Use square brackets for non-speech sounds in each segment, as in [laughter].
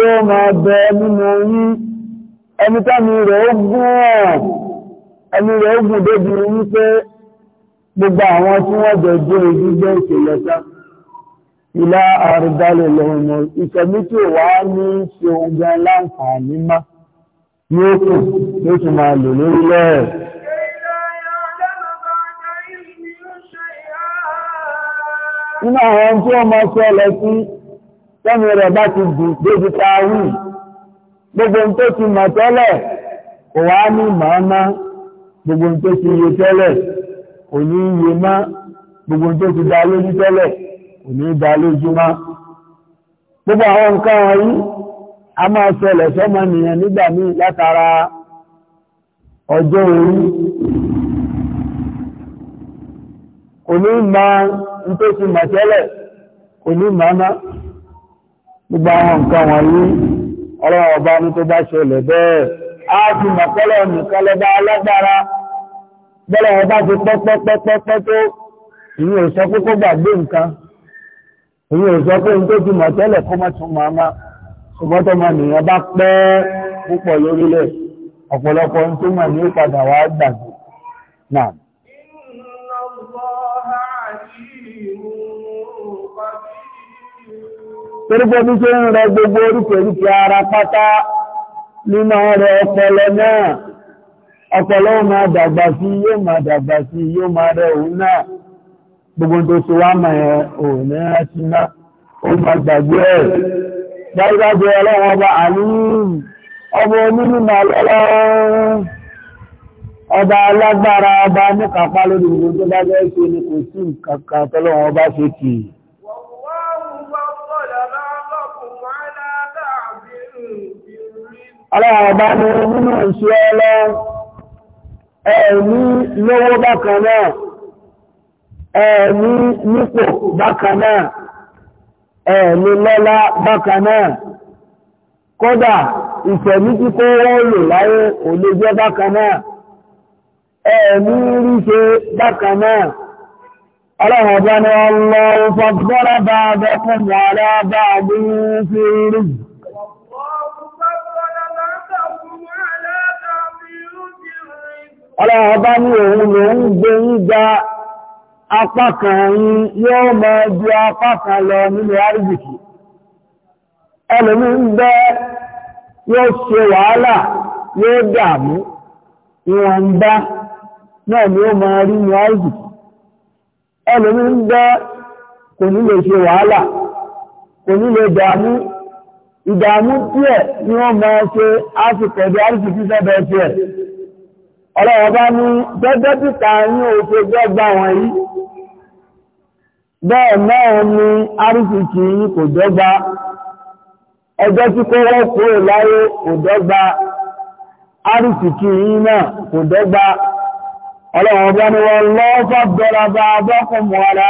tó ma bẹ nínú yí ẹni tẹ́mi rẹ̀ ó gùn ẹni rẹ̀ ó gùn débi wípé gbogbo àwọn tí wọ́n jẹ jẹ́ ìgbẹ́ ìṣẹ̀lẹ̀ta ilá àrídálẹ̀ lọ́wọ́ ìṣẹ̀mí tí ò wá ní ṣe oúnjẹ láǹfààní má yóò sẹ́mi rẹ̀ bá ti dùn débi ta wí gbogbo tó ti mọ̀ tẹ́lẹ̀ kò wá ní màámá gbogbo tó ti yé tẹ́lẹ̀ kò ní yé má gbogbo tó ti dá lójú tẹ́lẹ̀ kò ní dá lójú má gbogbo a máa ṣẹlẹ̀ sọ́mọ nìyẹn nígbà míì látara ọjọ́ orí kò ní gbogbo àwọn nǹkan wọ̀nyí ọlọ́wọ́ ọba ní tó bá ṣẹlẹ̀ bẹ́ẹ̀ á mọ̀kọ́lọ̀ nìkan alágbára ọba ti pẹ́pẹ́pẹ́pẹ́ tó èyí ò sọ pé kó gbàgbé nǹkan èyí ò sọ pé nítorí ti kó má tún ṣùgbọ́n tó máa nìyẹn bá pẹ́ púpọ̀ lórílẹ̀ ọ̀pọ̀lọpọ̀ tó ní wàá gbàgbé náà. torípé bí ṣe ń rẹ gbogbo oríkèríkè ara pátá nínú rẹ ọpọlọ náà ọpọlọ ó máa dàgbà sí yóò máa dàgbà sí yóò máa rẹ òun náà gbogbo tó ti wá mọ̀ ẹ́ òun náà ti ná ó máa ọba àlùm ọba onímọ̀ ọlọ́run lórí gbogbo bá fẹ́ ṣe ni kò sí nǹkan kan tọ́lọ́run ṣe kì aláwọ̀bá ní nínú ìṣẹ́ ọlọ́ e lówó bákan náà nípò bákan náà lọ́lá ìfẹ̀mí tí kó wọ́n lò láyé ò jẹ́ bákan náà ríṣe ní ọlọ́ ọlọ́wọ́ bá ní òun ló ń gbé ń ga apá kan yóò mọ ju apá lọ nínú àríjìkì ẹlòmí ń bẹ yóò ṣe wàhálà yóò dààmú bá náà ni ó máa rí ní àríjìkì ẹlòmí ń bẹ kò ní lè ṣe wàhálà kò ní lè ọlọ́wọ́ bá ní gẹ́gẹ́ bí tààyín òfin ẹgbẹ́ gbà wọ́n yí bẹ́ẹ̀ náà ni arísìkì yí kò dọ́gba ọjọ́ tí kó wọ́n kúrò láyé kò dọ́gba arísìkì yí náà kò dọ́gba ọlọ́wọ́ ní wọ́n lọ́ọ́fà bẹ́ra bá bọ́kùnmọ́ ara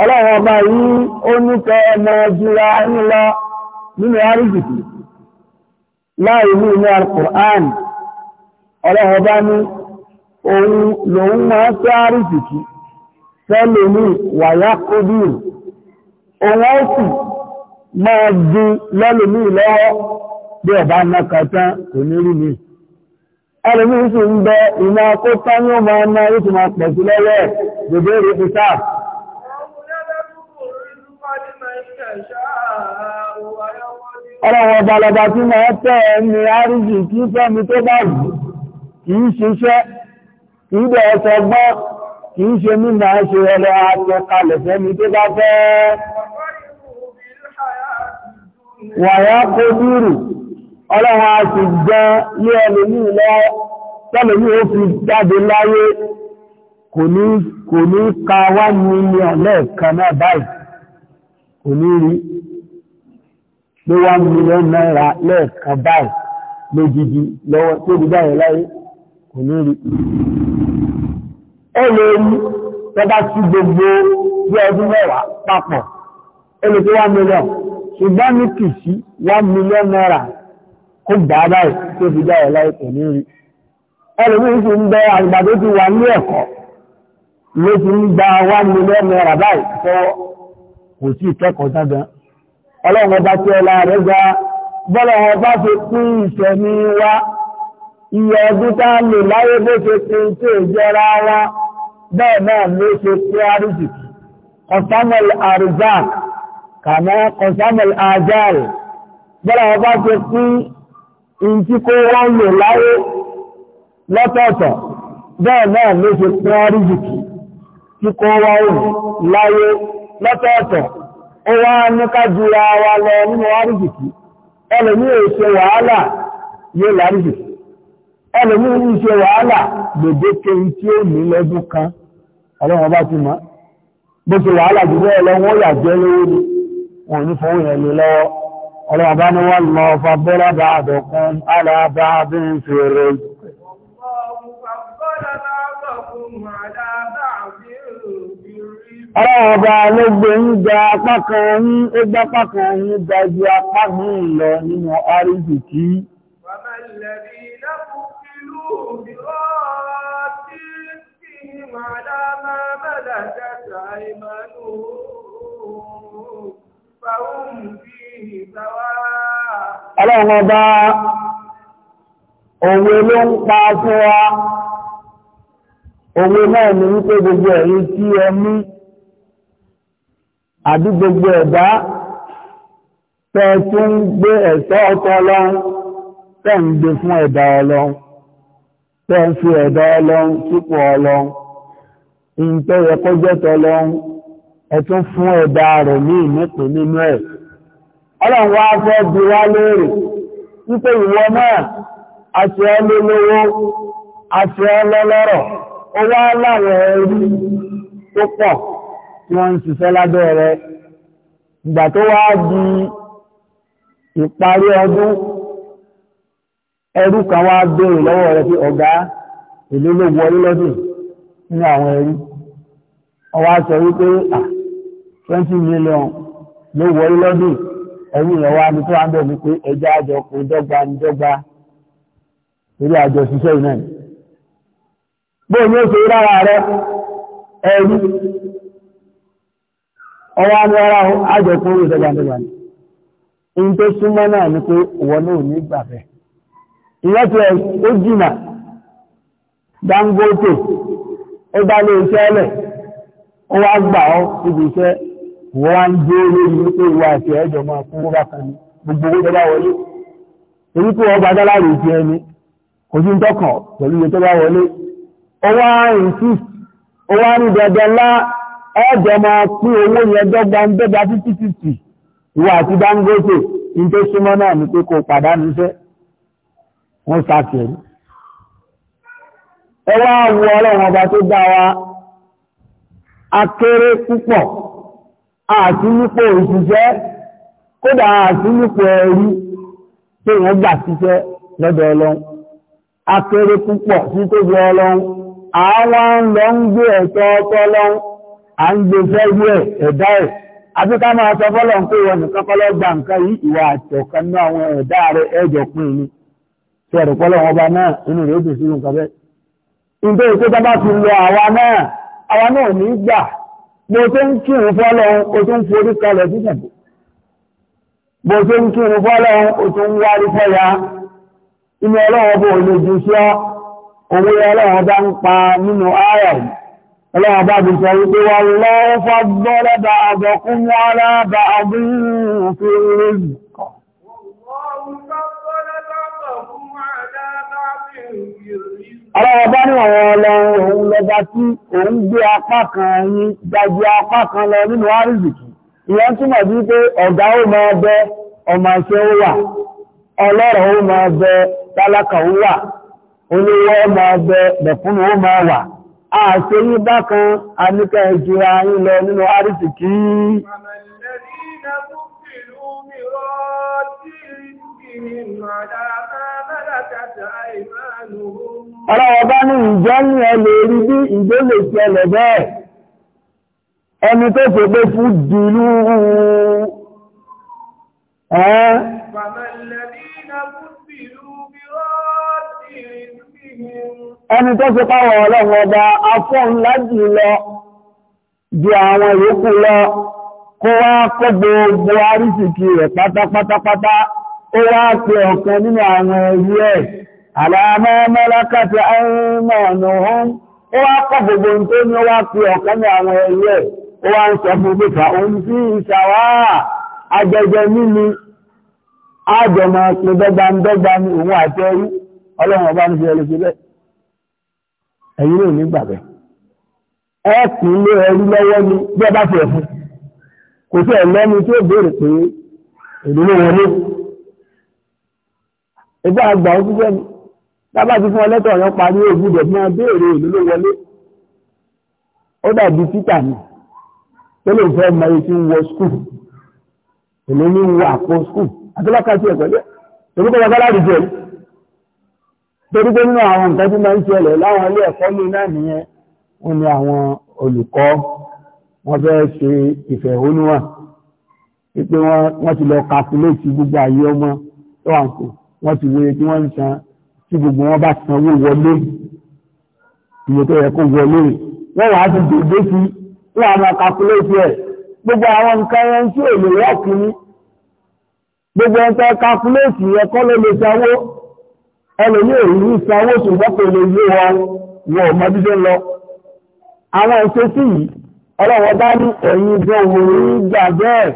ọlọ́run ọba yìí ó nípa ọmọ ọjọ́ra ńlọ nínú àríjìkì láì ní inú al ọba ní òun lòun máa àríjìkì ní wàyá kódìr òun ó sì máa lọ́wọ́ bí ọba kò ní rí mi ẹlòmí sì ń bẹ ìmọ̀ akópa ní ọlọ́wọ́ balọba tí máa tẹ́ ẹni àríjì kí fẹ́mi tó bá wù kì í ṣiṣẹ́ kì í bẹ̀ẹ́ sọ gbọ́ kì í ṣe mímọ̀ ṣe ẹlọ àtọ kalẹ̀ fẹ́mi tó bá fẹ́ wàyá kó dúrù ọlọ́wọ́ a sì gan lé ẹlòmí lọ tẹ́lòmí ó fi jáde láyé kò ní ka wá ní ilé ọ̀lẹ́ẹ̀kan náà báyìí kò ní rí ló wá mílíọ̀nù náírà lẹ́ẹ̀kan báyìí lójijì lọ́wọ́ tó di báyìí láyé kò ní rí. ẹ lè rí tọ́ba sí gbogbo bí ọdún mẹ́wàá papọ̀ ẹ lè tó wá mílíọ̀nù ṣùgbọ́n ní kìsí wá mílíọ̀nù náírà kó gbà á báyìí tó di báyìí láyé kò ní rí. ẹ lè rí sí ń bẹ àgbàdo ti wà ní ẹ̀kọ́ ló ti ń gba wá mílíọ̀nù náírà báyìí tọ́wọ́ kò sí ìkẹ́kọ̀ọ́ ságan ọlọ́run ọba tí ọlá rẹ̀ ga bọ́lá ọba fi pín ìṣẹ̀mí wa iye ọdún tá a lò láyé bó ṣe pín tí ò jẹra wa bẹ́ẹ̀ náà ló ṣe pé àrísìkì kọsámẹ́l àrùzák kàmọ́ kọsámẹ́l àjáàl bọ́lá ọba ti pín ìǹtí kó wọ́n lò láyé lọ́tọ̀ọ̀tọ̀ bẹ́ẹ̀ náà ló ṣe pín àrísìkì tí kó wọ́n lò láyé lọ́tọ̀ọ̀tọ̀ ó wá ní ká jura wa lọ nínú àríjìkì ẹlòmí ò ṣe wàhálà yóò láríjìkì ẹlòmí ò ṣe wàhálà gbèdéke tí ó ní lọ́dún kan ọlọ́run ọba ti mọ̀ bó ṣe wàhálà jù bẹ́ẹ̀ yà jẹ́ lówó ni wọn ní fọwọ́ yẹn lé lọ́wọ́ ọlọ́run bá ní wọ́n lọ fa bá àdọ̀kan aláàbá bí ọlọ́ọ̀bá ló gbé ń gba apá kan ní ó gbá apá kan ní dájú apá míì lọ nínú àríjì kí ọlọ́ọ̀bá òwe ló ń pa fún wa òwe náà ní wípé gbogbo ẹ̀yí tí ẹ mú àbí gbogbo ẹ̀dá tẹ́ tí ń gbé ẹ̀ṣọ́ ọ̀tọ̀ ọlọ́run tẹ́ ń gbé fún ẹ̀dá ọlọ́run tẹ́ ń fi ẹ̀dá ọlọ́run sípò ọlọ́run ìǹtẹ́ yẹ kó jẹ́tọ̀ ọlọ́run ẹ̀tún fún ẹ̀dá rẹ̀ ní ìmẹ́pẹ̀ nínú ẹ̀ ọlọ́run wá fẹ́ bi wá léèrè wípé ìwọ náà àti ọlọ́lọ́wọ́ àti ọlọ́lọ́rọ̀ ó wá láwọn ẹrú tó pọ̀ tí wọ́n ń ṣiṣẹ́ lábẹ́ rẹ̀ ìgbà tó wá di ìparí ọdún ẹrú kan wá béèrè lọ́wọ́ rẹ̀ pé ọ̀gá èlé ló wọlé lọ́dún nínú àwọn ẹrú ọwọ́ sọ wípé à twenty million ló lọ́dún tó bẹ̀ pé àjọ kò dọ́gba ní dọ́gba àjọ ṣiṣẹ́ bóyá ó ṣe ọwọ́ agbára àjọkú orí ìsọgbàndọ̀gbà ní in tó súnmọ́ náà ní pé ọwọ́ náà ní gbàfẹ́ ìyẹ́tẹ̀ ó Dangote ó bá lé iṣẹ́ ẹlẹ̀ ó wá gbà ọ́ ibi iṣẹ́ wọ́n jẹ́ lórí gbogbo ti ẹ̀ẹ́dẹ̀ máa pín owó yẹn dọ́gba ń dọ́gba fifty fifty ìwọ àti Dangote ní tó súnmọ́ náà pé kò pàdánù ọba tó dá wa akéré púpọ̀ àti nípò òṣìṣẹ́ kódà àti nípò ẹ̀rí tó gbà síṣẹ́ lọ́dọ̀ ọlọ́run a ń gbé fẹ́rú ẹ̀ ẹ̀dá ẹ̀ abíká máa sọ fọ́lọ̀ ń pè wọn nìkan kọ́lọ́ gba nǹkan yìí ìwà àtọ̀kan ní àwọn ẹ̀dá rẹ̀ ẹ̀jọ̀ pín ní tí ẹ̀rù pọ́lọ̀ wọn bá náà inú rẹ̀ ó sí nǹkan bẹ́ẹ̀. ìgbé ìpé bá lọ àwa náà àwa náà ní gbà tó ń kírun ọ òwe ọlọ́wọ́ bá ń pa nínú ọlọ́wọ́ bá bí sọ wípé wà lọ́wọ́ fọ́gbọ́lẹ́ bá àbọ̀kún wọ́n lábà àbúrú fi rí kọ́. ọlọ́wọ́ bá ní àwọn ọlọ́run òun lọ́gbà tí òun gbé apá kan yín dájú apá kan lọ nínú àrízìkì ìyẹn túnmọ̀ sí pé ọ̀gá ó máa bẹ ọmọ iṣẹ́ ó wà ọlọ́rọ̀ ó máa bẹ tálákà ó wà olówó ó máa bẹ bẹ̀fúnnù ó máa wà Asi yí bákan àníkà ìjìra yí lọ nínú àrísì kí ní ìjọ ní ẹlẹ̀ orí bí ìjọ lè ṣe ẹlẹ̀ bẹ́ẹ̀ ẹni tó pé fún dìlú ẹ́ ẹni tó ṣe páwọ̀ ọlọ́run ọba afọ́n lájì lọ ju àwọn ìyókù lọ kó wá kó gbogbo àrísìkí rẹ̀ pátápátápátá ó wá pé ọ̀kan nínú àwọn ẹ̀rí ẹ̀ àlàmọ́mọ́lákàtà ẹ̀rìnmọ̀nà ọ̀hún ó wá kọ́ ọlọ́run ọba ní ṣẹlẹ̀ ṣe bẹ́ẹ̀ ẹ̀yin ló ní gbàgbẹ́ ẹ kùn lé ẹrú lọ́wọ́ ni bí ẹ bá fi ẹ̀fún kò sí ẹ̀lẹ́ni tó béèrè pé ìdílé wọlé ẹgbẹ́ àgbà ó ṣiṣẹ́ ni tábà ti fún ọ lẹ́tọ̀ ọ̀yọ́ parí ògùdọ̀ fún ọ béèrè ìdílé wọlé ó dàbí títà mi tó lè fẹ́ mọ iye tí ń wọ skul èlé ní wọ àpò skul àti lọ́kàtí ẹ̀kọ́ jẹ́ torí kọ́ torí pé nínú àwọn nǹkan tí máa ń ṣẹlẹ̀ láwọn ilé ẹ̀kọ́ ní náà nìyẹn wọ́n ní àwọn olùkọ́ wọ́n fẹ́ ṣe ìfẹ̀hónúhàn wípé wọ́n ti lọ kàkúléètì gbogbo àyè ọmọ tó wà kù wọ́n ti wòye tí wọ́n ń san tí gbogbo wọn bá sanwó wọlé iye tó yẹ kó wọlé wọ́n wàá ti dèdè sí wọ́n àwọn kàkúléètì ẹ̀ gbogbo àwọn nǹkan yẹn tí ò lè wọ́ọ̀kì gbogbo ẹ̀ kàkúléètì yẹ ló lè sanwó ẹlòmí òrùn ìsanwó ṣùgbọ́n kò lè yé wọn wọn ọmọ bí ṣe ń lọ àwọn ìṣesí yìí ọlọ́wọ́ bá ní ẹ̀yin jẹ́ òun gbà bẹ́ẹ̀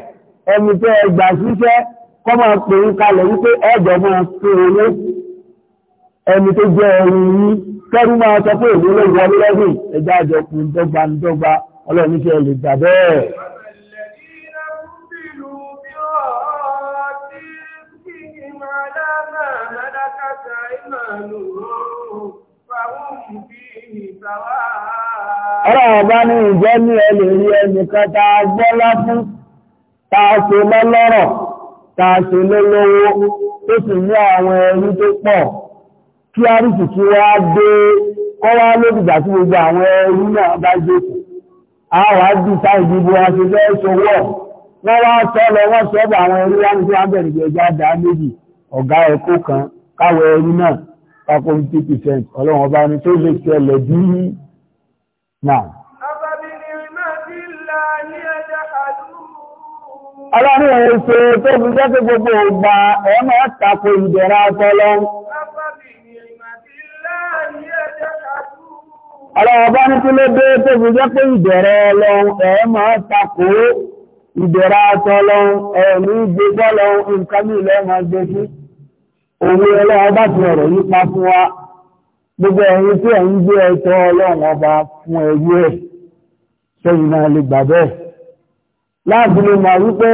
ẹni tẹ́ ẹ gbà síṣẹ́ kọ́ máa pè ń kalẹ̀ wípé ẹ̀jọ̀ máa fi owó ẹni tó jẹ́ ẹ̀yin yìí kẹ́rù máa sọ pé òun ló wọlé lẹ́yìn ẹjá àjọkùn dọ́gba dọ́gba ọlọ́ọ̀níṣẹ́ lè gbà bẹ́ẹ̀. Ọlọ́run bá ní ìjọ ní ẹlẹ̀ rí ẹnìkan ta gbọ́lá fún, ta ṣe lọ́lọ́rọ̀, ta ṣe lólówó, tó sì ní àwọn ẹni tó pọ̀, kí a rí kìkí wá dé kọ́ wá àwọn ẹni náà bá jókòó. forty percent ọlọ́run ọba ni tó lè ṣẹlẹ̀ bí náà. Ọlọ́run ẹ̀ ṣe tó fi jẹ́ tó gbogbo ìgbà ẹ̀mọ́ tako ìdẹ̀ra ọpọlọ. Ọlọ́run ọba ní kí ló dé tó fi jẹ́ pé ìdẹ̀ra ọlọ́run ẹ̀mọ́ tako ìdẹ̀ra ọpọlọ ẹ̀mí gbogbo ọlọ́run nǹkan ní ilẹ̀ máa gbé sí òwe ọlọ́wọ́ bá ti ọ̀rọ̀ yípa fún wa gbogbo ẹ̀yin tí ẹ̀ ń gbé ẹ̀tọ́ ọlọ́run ọba fún ẹ̀yí ẹ̀ sẹ́yìn náà lè gbà bẹ́ẹ̀ láàbí lè mọ̀ wípé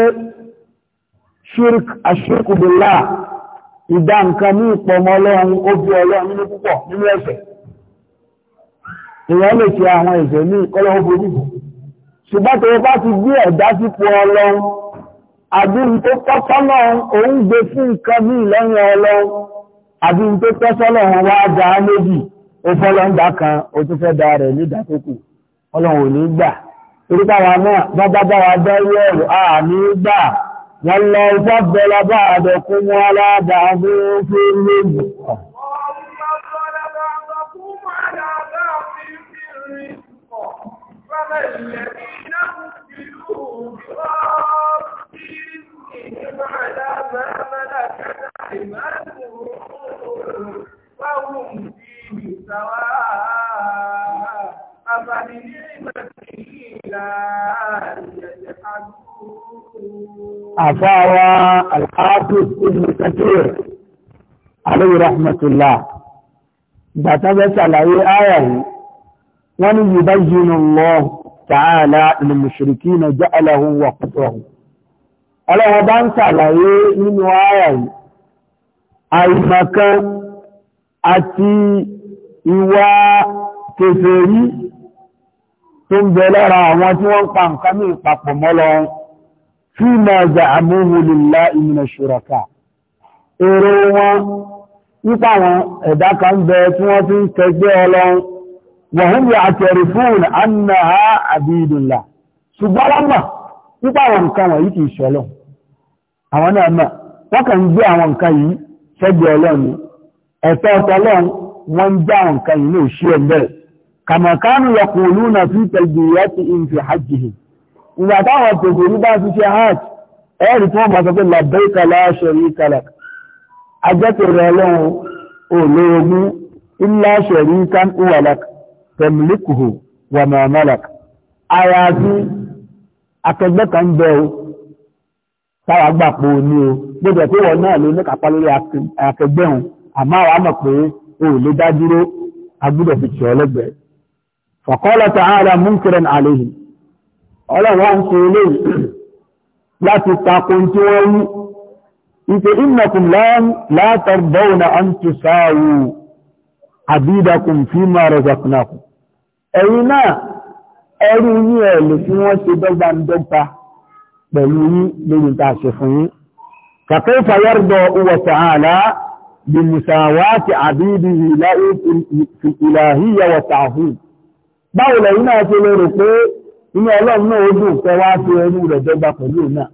shirk ashirkubula ìdá nǹkan ní ìpọmọ ọlọ́run ó bí ọlọ́run nínú púpọ̀ nínú ẹ̀ṣẹ̀ èèyàn lè ṣe àwọn ẹ̀ṣẹ̀ ní ìkọlọ́wọ́ borí ṣùgbọ́n tó bá ti gbé ẹ̀dá sípò ọlọ́run àbí n tó tọ́sọ́lọ́ òun gbé fún nǹkan ní ìlẹ́yìn ọlọ́run àbí n tó tọ́sọ́lọ́ wọn wá dá méjì ó fọ́lọ́ ń dá kan ó tún fẹ́ dá rẹ̀ ní ìdátókù ọlọ́run ò ní gbà torí báwa náà bábá báwa dá ilé ẹ̀rọ àmì gbà wọ́n lọ fọ́bẹ̀lá bá àdẹ̀kún wọn aládàá fún fún lóògùn kan. فما الذين هم في على ما ملكت فيه سواء لا يجحدون أفاوى الحافظ ابن كثير عليه رحمة الله بتبس على أي آية wọ́n يبين الله تعالى للمشركين جعله mushrikina ọlọ́wọ́ bá ń ṣàlàyé nínú ara yìí àìmọ̀kan àti ìwà kèfèrí tó ń bẹ lára àwọn tí wọ́n ń pa nǹkan ní ìpapọ̀ mọ́lọ fí ma jà àmúhù ìmìnà ṣùràkà èrò wọn nípa àwọn ẹ̀dá kan bẹ tí wọ́n ti ń kẹgbẹ́ ọlọ́run wọ̀hún bí àtẹ̀rì nípa àwọn nǹkan wọ̀nyí kìí ṣọ́lọ̀ àwọn náà mọ̀ wọ́n kàn ń gbé àwọn nǹkan yìí ṣẹ́gbẹ̀ ọlọ́run ẹ̀tọ́ ọ̀tọ́lọ́run wọ́n ń já àwọn nǹkan yìí ní òṣì ẹ̀bẹ̀ kàmọ̀kánù yaquluna fi talbiyatihim fi hajjihim ìgbà táwọn tòkò ní bá ti ṣe hajj ẹ̀rì tí wọ́n mọ̀ sọ pé la ọlọ́run ò lak akẹgbẹ́ kan bẹ o táwa gbà pé o ní o gbogbo ẹ̀ pé wọ́n náà ló ní kápá lórí akẹgbẹ́ òun àmọ́ àwa mọ̀ pé o ò lè dá dúró agbúdọ̀ fi tì ọ́ lẹ́gbẹ̀ẹ́ faqala ta'ala munkiran alayhi ọlọ́run ń ṣe eléyìí [clears throat] láti takò tí wọ́n wú ìpè innakum la tardawna an tusawu abidakum fima razaqnakum ẹ̀yin náà ẹrú yín ẹ̀ lè fi wọ́n ṣe dọ́gbandọ́gba pẹ̀lú yín lórí ta ṣe fún yín kàkẹ́ ìfàyàrdọ̀ huwa ta'ala bí musawati àbíbi ìlàhíyà wa ta'hud báwo lẹ́yìn náà ṣe lè rò pé inú ọlọ́run náà ó dùn fẹ́ wá fi ẹrú rẹ̀ dọ́gba pẹ̀lú náà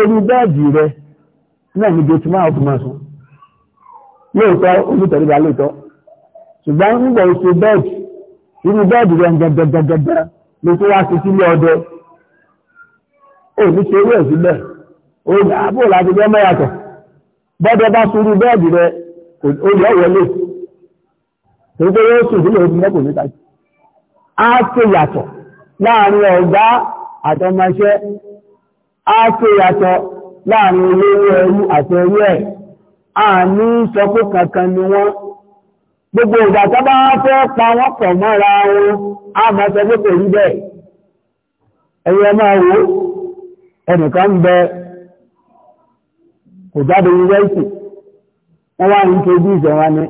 orí bẹ́ẹ̀dì rẹ̀ ṣùgbọ́n nígbà oṣù bẹ́ẹ̀dì irú bẹ́ẹ̀dì rẹ̀ gẹ̀gẹ̀gẹ̀gẹ̀ ló tó wá sí sílé ọdẹ ó ní ṣe ewé ìsílẹ̀ ó ní àbò láti jẹ́ mẹ́yàtọ̀ bọ́dẹ bá sún irú bẹ́ẹ̀dì rẹ̀ ó yọ wọlé torí pé ó sùn sílẹ̀ òfin mẹ́kò níta á ṣe yàtọ̀ láàrin ọ̀gá àtọmọṣẹ́ á ṣe yàtọ̀ láàrin olówó ẹrú àtẹrú ẹ̀ àní sọ pé kankan ni wọ́n gbogbo ìgbà tó bá fẹ́ pa wọ́n pọ̀ mọ́ra wọn a máa sọ pé kò bẹ́ẹ̀ ẹ̀yẹ máa wo ẹnìkan bẹ kò jáde yunifásitì wọ́n wá ní kéjú ìjọba ní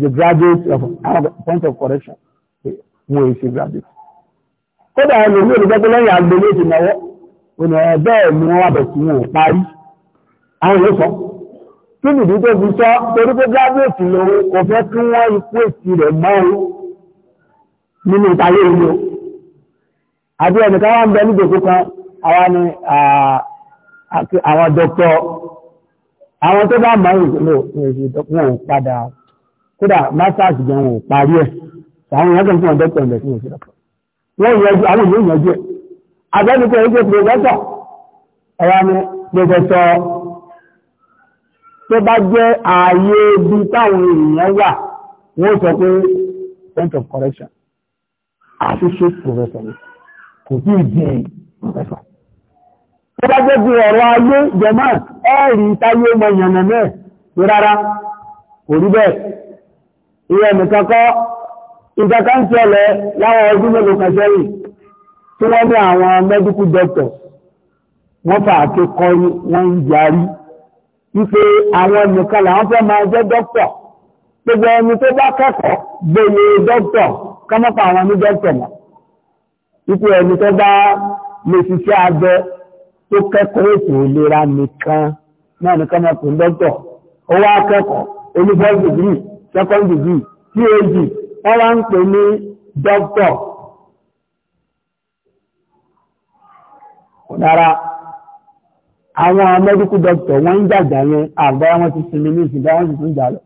the graduate of point of correction mo graduate kódà ẹni olùgbẹ́gbẹ́ lẹ́yìn kí nìdí tó fi sọ torí pé gábíyèsí lòun kò fẹ́ kí wọ́n ikú èsì rẹ̀ mọ́ o nínú ìtayé ìlú àbí ẹnìkan wà ń bẹ nídòkó kan àwa ni àwọn dọ́kítọ̀ àwọn tó bá mọ̀ ìlú wọn ò padà kódà masters gan wọn ò parí ẹ̀ àwọn èèyàn kan fún wọn dọ́kítọ̀ ẹ̀mẹ̀ fún òṣèlú wọ́n àwọn èèyàn yẹjú ẹ̀ àbẹ́nìkan ẹgbẹ́ pẹ̀lú ẹ̀wà ni tó bá jẹ́ ààyè ibi táwọn èèyàn wà wọ́n sọ pé point of correction àṣìṣe professor kò tí ì di professor. tó bá jẹ́ bí ọ̀rọ̀ ayé jẹ̀mọ́ ẹ̀rí táyé ọmọ ìyànnà náà pé rárá kò rí bẹ́ẹ̀ ìyẹn nìkan kọ́ ìkankan ṣẹlẹ̀ láwọn ọdún mélòó kan sẹ́yìn tí wọ́n ní àwọn medical doctor wọ́n fà á ké kọ́ wọ́n ń yarí wípé àwọn nìkan làwọn fẹ́ máa jẹ́ dókítà gbogbo ẹni tó bá kẹ́kọ̀ọ́ gbòye dókítà kọ́mọ́pà àwọn ní dókítà mọ́ wípé ẹni tó bá lè ṣiṣẹ́ abẹ tó kẹ́kọ̀ọ́ ètò ìlera nìkan náà nìkan máa pè dókítà ó wá kẹ́kọ̀ọ́ onífọ́ọ̀sì dìgírì second degree phd wọ́n wá ń pè ní dókítà. Dára àwọn mẹ́díkù dọ́kítọ̀ wọ́n ń jàjà yẹn àgbáyá wọ́n ti sinmi ní ìsìnká wọ́n sì tún jà lọ.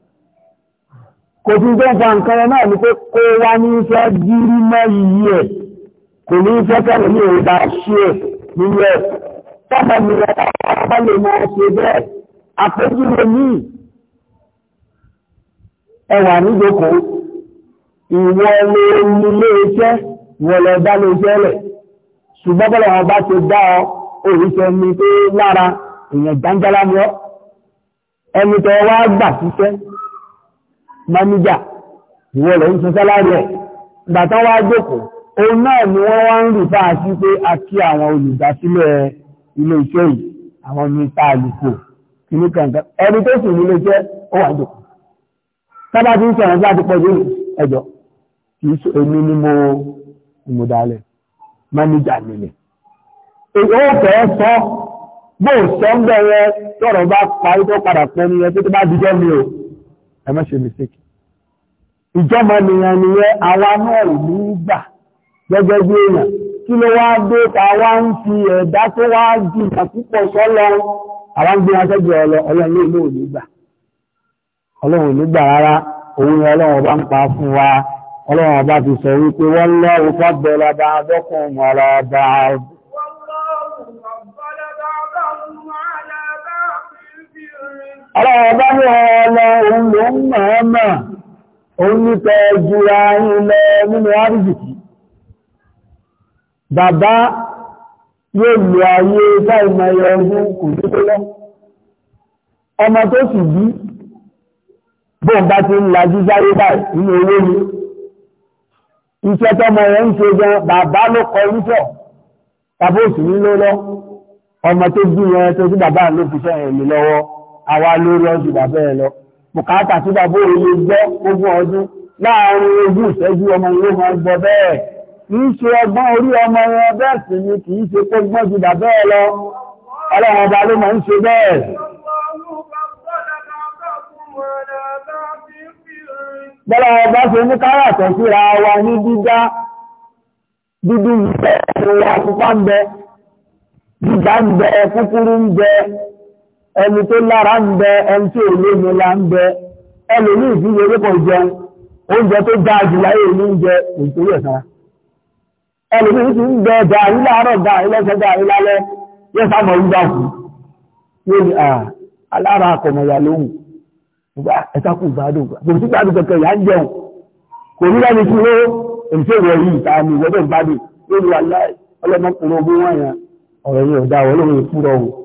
kò fi jẹ́ nǹkan nǹkan náà ni pé kó wá ní fẹ́ gírí mọ́ iyì ẹ̀ kò ní fẹ́ kẹ́rin ní ìgbà ṣí ẹ̀ nínú ẹ̀ tọ́mọ mi rẹ̀ bá lè máa ṣe bẹ́ẹ̀ àpèjúwe míì ẹwà níjókòó ìwọ lè nílé iṣẹ́ ìwọ lè dá lè iṣẹ́ rẹ̀ ṣùgbọ́n bọ́lá wọn bá ti dá ọ òrìṣẹ́ ẹni tó lára èèyàn jàǹjàlá ni ọ́ ẹni tó wá gbà síṣẹ́ máníjà ìwọ lọ ń san sálárì ẹ̀ ìgbà tán wá jókòó òun náà ni wọ́n wá ń rí bá a sí pé a kí àwọn olùdásílẹ̀ ilé iṣẹ́ yìí àwọn ní àlùkò kìíní kankan ẹni tó sì nílé iṣẹ́ ó wà jókòó sábà tí ń sọ̀rọ̀ nígbà tí pọ̀jù ẹjọ́ kìí ṣe èmi ni mo ìmùdálẹ̀ máníjà nílẹ̀ ó fẹ́ sọ bó sọ ń bẹ̀rẹ̀ tọ́rọ bá parí tó padà pẹ́ ní ẹ tó tó bá dìjọ́ mi o ẹ má ṣe mistake ìjọba nìyẹn nìyẹn àwa náà ìlú gbà gẹ́gẹ́ bí èèyàn kí ló wá dé ta wá ń fi ẹ̀dá tó ọlọ ọlọ́run òní gbà ọlọ́run gbà rárá òun ọba ń pa fún wa ọlọ́run ọba ti sọ wípé wọ́n lọ́rùn adọ́kùnrin ọ̀rọ̀ ọba ọlọ́wọ́ bá ní ọlọ òun ló ń máa máa òun ní tọ́ jura ilẹ̀ nínú àríjìkì bàbá yóò lò ayé táìmọ̀ ẹ̀yọ ọdún kò ní tó lọ ọmọ tó sì bí bóun bá ti ń lajú járe báyìí nínú owó ni iṣẹ́ tọ́mọ rẹ̀ ń ṣe gan bàbá ló kọ irúfẹ́ tàbí òsì ní lọ ọmọ tó bí wọn tó sí bàbá ló fi sẹ́yìn lọ́wọ́ àwa lórí ọdún bàbá ẹ̀ lọ bùkátà tí bàbá òye gbọ́ ogún ọdún láàrin ogún ìṣẹ́jú ọmọ yóò máa gbọ́ bẹ́ẹ̀ kì í ṣe ọgbọ́n orí ọmọ wọn bẹ́ẹ̀ sì ni kì í ṣe pé gbọ́n ẹ̀rọ wa ń bẹ dídá ń bẹ kúkúrú ń bẹ ẹni tó lára ń bẹ ẹni tí ò lómi la ń bẹ ẹlòmíì tí ìwé pọ̀ jẹun oúnjẹ tó dáa jù láyé ní oúnjẹ òtòrí ẹ̀sára ẹlòmíì tí ń bẹ gàrí láàárọ̀ gàrí lọ́sẹ̀ gàrí lálẹ́ yẹ sábà ń gbà fún yóò ní alára akọ̀mọ̀yà lóhùn ẹ̀ka kù gbádùn kò sí ni ìwọ́dọ̀ gbádùn yóò ní wà láì ọ̀rọ̀ yìí ọ̀dà ọlọ́run ìfúrọ̀ ọ̀hún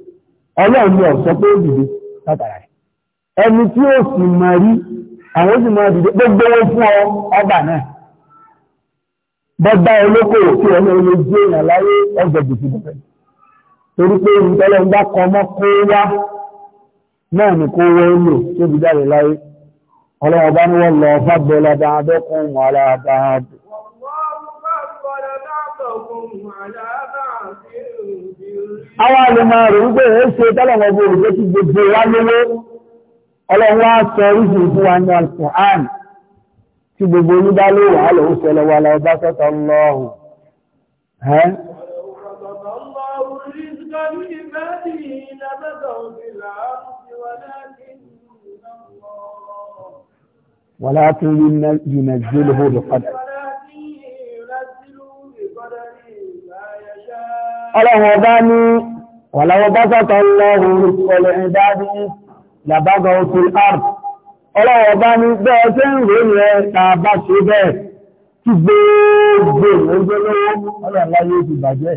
ọlọ́run ní ọ̀sọ́ pé ó dìde látara rẹ̀ ẹni tí ó sì mọ̀ rí àwọn sì mọ̀ dìde gbogbo owó fún ọ ọgbà náà bọ́gbá olókòwò tí ọmọ ilé jẹ́ èèyàn láyé ọgbẹ̀ gbèsè bẹ̀rẹ̀ torí pé ìtọ́lẹ̀ ń bá kọ mọ́ kó wá náà ni kó wọ́n lò tó fi jáde láyé ọlọ́run bá ní wọ́n lọ fábẹ́ lọ́dọ̀ adọ́kùnrin àlàdà àwọn alùmọ̀ rẹ̀ wípé èé ṣe tọ́lọ̀wọ̀ bó olùgbé ti gbogbo wá lówó ọlọ́wọ́ sọ oríṣi fún wa ní alfọ̀án tí gbogbo onídálówó alòó sọlọ́wọ́ aláwọ̀bá sọ́tọ̀ ọlọ́run ọba ní wàláwọ́ bá sọ́tọ̀ lọ́rùn ìkọlẹ̀ ìdájú làbágọ́ òfin art ọlọ́run ọba ní bẹ́ẹ̀ tí ń rò ní ẹ ta bá ṣe bẹ́ẹ̀ tí gbogbo ìrìnlọ́gbọ́n ọlọ́run láyé ti bàjẹ́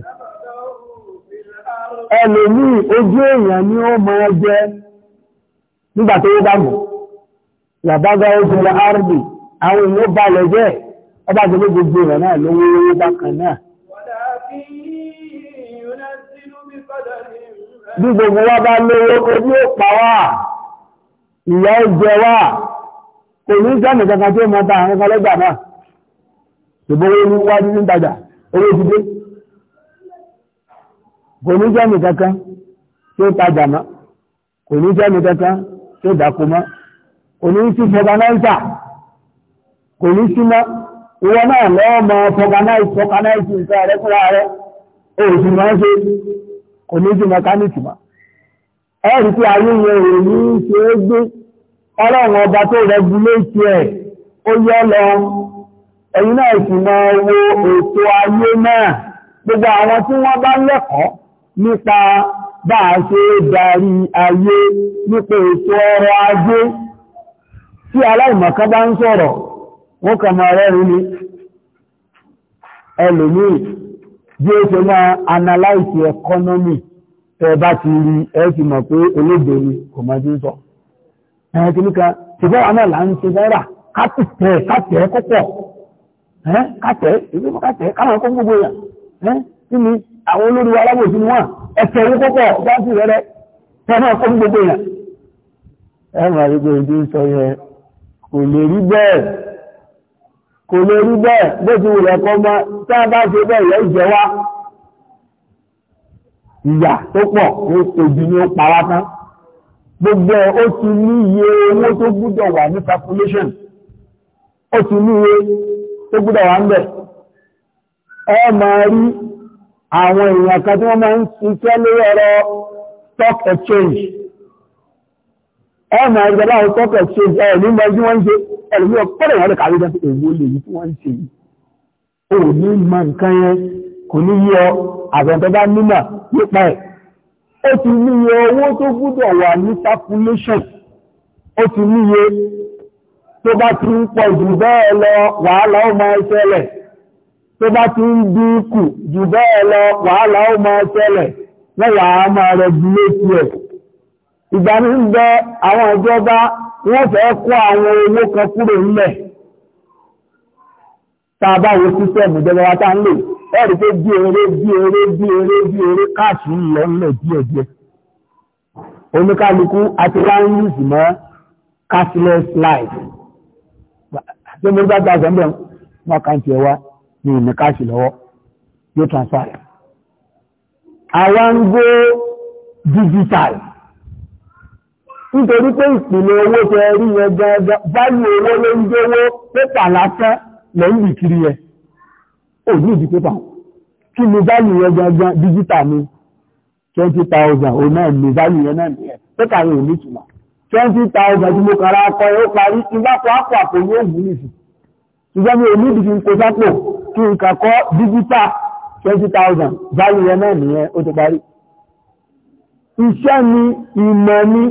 ẹlòmí ojú èèyàn ni ó máa jẹ́ ọba gbogbo ìrìnlọ́gbọ́n náà lówó bákan náà bí gbogbo wa bá lówó orí ó pa wá ìyà ó kò ní kankan tí ó mọ ta àwọn ọlọ́gbà náà ṣùgbọ́n ní wájú ní owó kankan tí ó tajà mọ́ kò ní kankan tí ó dàkú mọ́ kò ní sí kò ní sí mọ́ ìwọ mọ nǹkan kò ní jù mẹkáníìkì mọ́ ẹ̀rí pé ayé yẹn ṣe é gbé ọlọ́run ọba tó ẹ̀ ó lọ náà ètò ayé náà gbogbo àwọn tí wọ́n bá lẹ́kọ̀ọ́ nípa bá a ṣe darí ayé nípa ètò ọrọ̀ ajé tí bá ń sọ̀rọ̀ wọ́n máa bí ó ṣe máa analyze economy tẹ́ bá ti rí ẹ ti mọ̀ pé olóògbé ni kò mọ̀ sí sọ ẹ̀yìn kìíní kan ṣùgbọ́n àwọn náà là ń ṣe náírà kátẹ̀ kátẹ̀ kọ́pọ̀ kátẹ̀ ìgbìmọ̀ kátẹ̀ káwọn kó gbogbo èèyàn kí ni àwọn olórí alábòsí ni wọ́n ẹ̀tẹ̀ owó kọ́pọ̀ bá sì rẹ̀rẹ̀ tẹ́lẹ̀ kó gbogbo èèyàn ẹ̀rọ àrígbò ìdí sọ yẹ kò lè rí bẹ́ẹ̀ kò lè rí bẹ́ẹ̀ bó ti wùlẹ̀ kọ́ mọ́ tá a bá ṣe bẹ́ẹ̀ yẹ́ ìjẹ́ wá ìyà tó pọ̀ ní òjì ni ó pa wá tán gbogbo ẹ̀ ó ti ní iye owó tó gbúdọ̀ wà ní calculation ó ti ní iye tó gbúdọ̀ wà ń bẹ̀ ẹ máa rí àwọn èèyàn kan tí wọ́n máa ń ṣiṣẹ́ lórí ọ̀rọ̀ stock exchange ẹ máa rí ìjọba stock exchange ẹ̀ nígbà tí wọ́n ń ṣe ẹlòmí ọpọlọ ìwádìí kàwé jẹ èwo lè yí tí wọn ń ṣe yìí o ò ní mọ nǹkan yẹn kò ní yọ àgbẹ̀ntẹ́ bá nípa ẹ̀ ó ti níye owó tó gbúdọ̀ wà ní calculation ó ti níye tó bá ti ń pọ̀ jù bẹ́ẹ̀ lọ wàhálà ó máa ṣẹlẹ̀ tó bá ti ń dínkù jù bẹ́ẹ̀ lọ wàhálà ó máa ṣẹlẹ̀ lẹ́yà á máa rẹ̀ bí ó ti ẹ̀ ìgbà ní ń bẹ àwọn ìjọba wọ́n fẹ́ kó àwọn owó kan kúrò nílẹ̀ tàbá wo sísẹ́mù ìjọba wa tá ń lò ẹ̀rì pé bí eré bí eré bí eré bí eré káàṣì ń lọ nílẹ̀ díẹ̀díẹ̀ oníkálukú àti láńlùsì mọ́ cashless life ṣé mo gbàgbà sọ́ńdẹ̀ wọn kàn tiẹ̀ wá ní ìní káàṣì lọ́wọ́ yóò transfer àwa ń gbé digital nítorí pé ìpìlẹ̀ owó tẹ rí yẹn gangan báyìí owó ló ń gbówó pépà lásán lẹ́yìn ìkiri yẹn ò ní ìdí pépà kí ni báyìí yẹn gangan díjítà ni twenty thousand ò náà ní báyìí yẹn náà nìyẹn pépà yẹn ò ní ìtumọ̀ twenty thousand tí mo kàrà akọ yẹn ó parí ìgbàpọ̀ àpò àpò yóò wù nìsí ṣùgbọ́n mi ò ní ìdí kí kó sápò kí n kà díjítà twenty thousand báyìí yẹn náà nìyẹn ó ti parí iṣẹ́ ni ìmọ̀ ni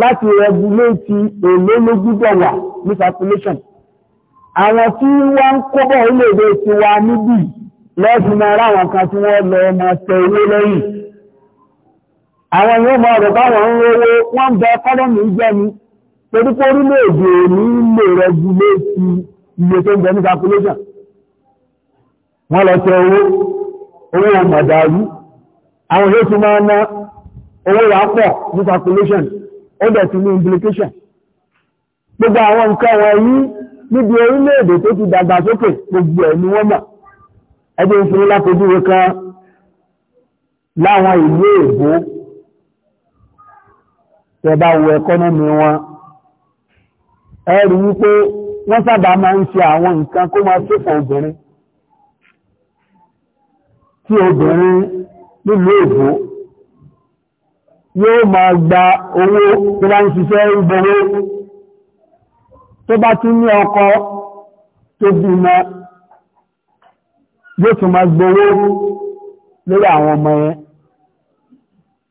láti rẹguléètì èlé ló gbúdọ̀ ní circulation àwọn tí wọ́n ń orílẹ̀-èdè ti wa níbí lọ́sùn máa kan tí wọ́n lọ àwọn yóò máa rọ̀ báwọn wọ́n bẹ kọ́lọ́mù jẹ́mi orílẹ̀-èdè ní ní circulation wọ́n lọ tẹ owó owó àwọn yóò tún máa ná owó rà ó dẹ̀ ti ní implication gbogbo àwọn nǹkan wọ̀nyí níbi orílẹ̀-èdè tó ti dàgbà sókè gbogbo ẹ̀ ni wọ́n mọ̀ ẹgbẹ́ ìṣòro lápojúwe kan láwọn ìlú èbó tẹ bá wo ẹkọ́nọ́mì wọn ẹ rí wípé wọ́n sábà máa ń ṣe àwọn nǹkan kó máa ṣòfò obìnrin tí obìnrin nílùú èbó yóò máa gba owó tó bá ń ṣiṣẹ́ ìbọwó tó bá tún ní ọkọ tó bímọ yóò tún máa gbowó lórí àwọn ọmọ yẹn